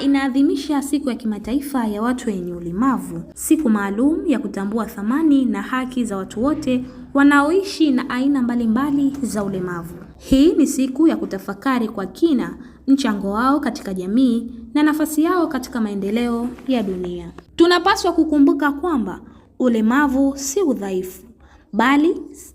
inaadhimisha siku ya kimataifa ya watu wenye ulemavu, siku maalum ya kutambua thamani na haki za watu wote wanaoishi na aina mbalimbali mbali za ulemavu. Hii ni siku ya kutafakari kwa kina mchango wao katika jamii na nafasi yao katika maendeleo ya dunia. Tunapaswa kukumbuka kwamba ulemavu si udhaifu, bali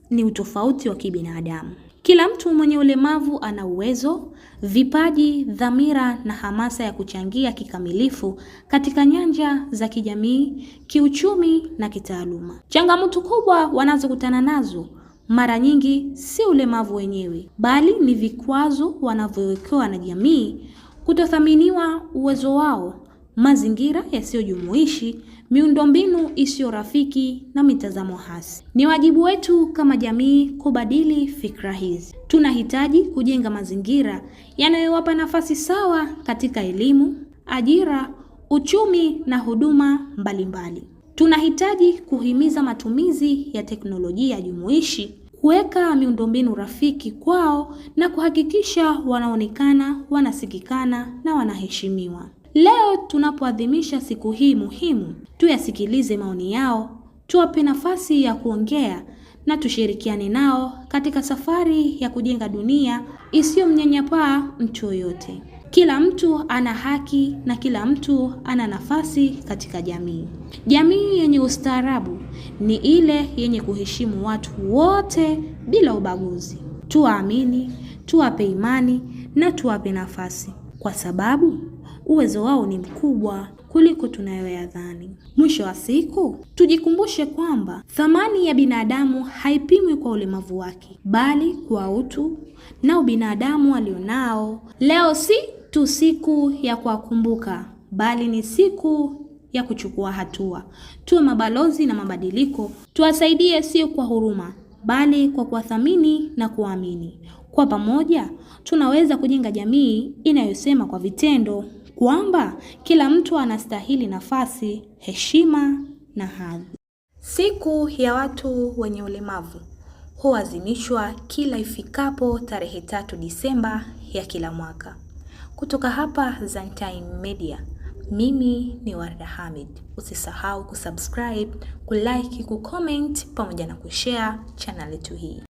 ni utofauti wa kibinadamu. Kila mtu mwenye ulemavu ana uwezo, vipaji, dhamira na hamasa ya kuchangia kikamilifu katika nyanja za kijamii, kiuchumi na kitaaluma. Changamoto kubwa wanazokutana nazo mara nyingi si ulemavu wenyewe, bali ni vikwazo wanavyowekewa na jamii, kutothaminiwa uwezo wao mazingira yasiyojumuishi, miundombinu isiyo rafiki na mitazamo hasi. Ni wajibu wetu kama jamii kubadili fikra hizi. Tunahitaji kujenga mazingira yanayowapa nafasi sawa katika elimu, ajira, uchumi na huduma mbalimbali. Tunahitaji kuhimiza matumizi ya teknolojia jumuishi, kuweka miundombinu rafiki kwao na kuhakikisha wanaonekana, wanasikikana na wanaheshimiwa. Leo tunapoadhimisha siku hii muhimu, tuyasikilize maoni yao, tuwape nafasi ya kuongea na tushirikiane nao katika safari ya kujenga dunia isiyomnyanyapaa mtu yoyote. Kila mtu ana haki na kila mtu ana nafasi katika jamii. Jamii yenye ustaarabu ni ile yenye kuheshimu watu wote bila ubaguzi. Tuwaamini, tuwape imani na tuwape nafasi, kwa sababu uwezo wao ni mkubwa kuliko tunayoyadhani. Mwisho wa siku, tujikumbushe kwamba thamani ya binadamu haipimwi kwa ulemavu wake, bali kwa utu na ubinadamu alionao. Leo si tu siku ya kuwakumbuka, bali ni siku ya kuchukua hatua. Tuwe mabalozi na mabadiliko, tuwasaidie, sio kwa huruma, bali kwa kuwathamini na kuwaamini. Kwa pamoja tunaweza kujenga jamii inayosema kwa vitendo kwamba kila mtu anastahili nafasi, heshima na hadhi. Siku ya watu wenye ulemavu huazimishwa kila ifikapo tarehe tatu Disemba ya kila mwaka. Kutoka hapa Zantime Media, mimi ni Warda Hamid. Usisahau kusubscribe, kulike, kucomment pamoja na kushare channel yetu hii.